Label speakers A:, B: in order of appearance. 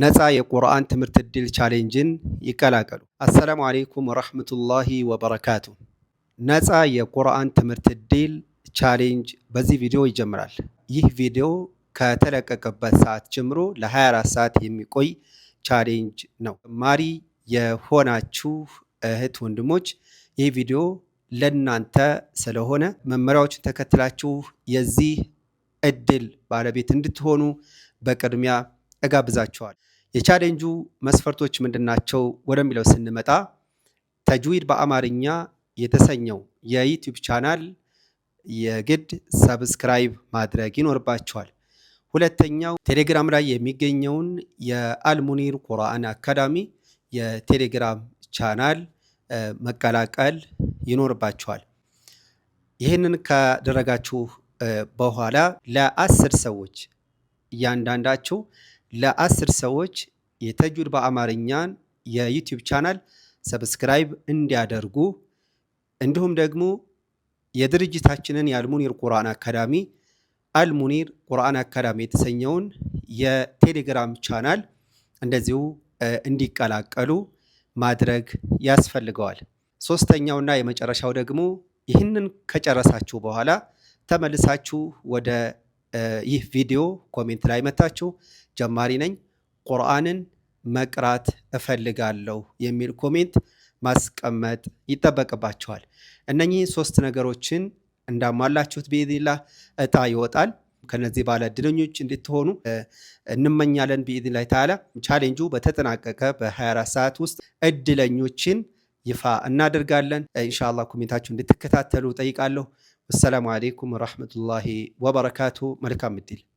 A: ነፃ የቁርአን ትምህርት ዕድል ቻሌንጅን ይቀላቀሉ። አሰላሙ አሌይኩም ወረህመቱላሂ ወበረካቱ። ነፃ የቁርአን ትምህርት ዕድል ቻሌንጅ በዚህ ቪዲዮ ይጀምራል። ይህ ቪዲዮ ከተለቀቀበት ሰዓት ጀምሮ ለ24 ሰዓት የሚቆይ ቻሌንጅ ነው። ማሪ የሆናችሁ እህት ወንድሞች ይህ ቪዲዮ ለእናንተ ስለሆነ መመሪያዎችን ተከትላችሁ የዚህ እድል ባለቤት እንድትሆኑ በቅድሚያ እጋብዛችኋል። የቻሌንጁ መስፈርቶች ምንድናቸው ወደሚለው ስንመጣ ተጅዊድ በአማርኛ የተሰኘው የዩቲዩብ ቻናል የግድ ሰብስክራይብ ማድረግ ይኖርባቸዋል። ሁለተኛው ቴሌግራም ላይ የሚገኘውን የአልሙኒር ቁርአን አካዳሚ የቴሌግራም ቻናል መቀላቀል ይኖርባቸዋል። ይህንን ካደረጋችሁ በኋላ ለአስር ሰዎች እያንዳንዳችሁ ለአስር ሰዎች የተጁድ በአማርኛን የዩቲዩብ ቻናል ሰብስክራይብ እንዲያደርጉ እንዲሁም ደግሞ የድርጅታችንን የአልሙኒር ቁርአን አካዳሚ አልሙኒር ቁርአን አካዳሚ የተሰኘውን የቴሌግራም ቻናል እንደዚሁ እንዲቀላቀሉ ማድረግ ያስፈልገዋል። ሶስተኛውና የመጨረሻው ደግሞ ይህንን ከጨረሳችሁ በኋላ ተመልሳችሁ ወደ ይህ ቪዲዮ ኮሜንት ላይ መታችሁ ጀማሪ ነኝ ቁርአንን መቅራት እፈልጋለሁ የሚል ኮሜንት ማስቀመጥ ይጠበቅባችኋል። እነኚህ ሶስት ነገሮችን እንዳሟላችሁት ቢኢዝኒላህ እጣ ይወጣል። ከነዚህ ባለ እድለኞች እንድትሆኑ እንመኛለን። ቢኢዝኒላህ ተዓላ ቻሌንጁ በተጠናቀቀ በ24 ሰዓት ውስጥ እድለኞችን ይፋ እናደርጋለን። ኢንሻአላህ ኮሜንታችሁ እንድትከታተሉ ጠይቃለሁ። السلام عليكم ورحمة الله وبركاته ملكام الدين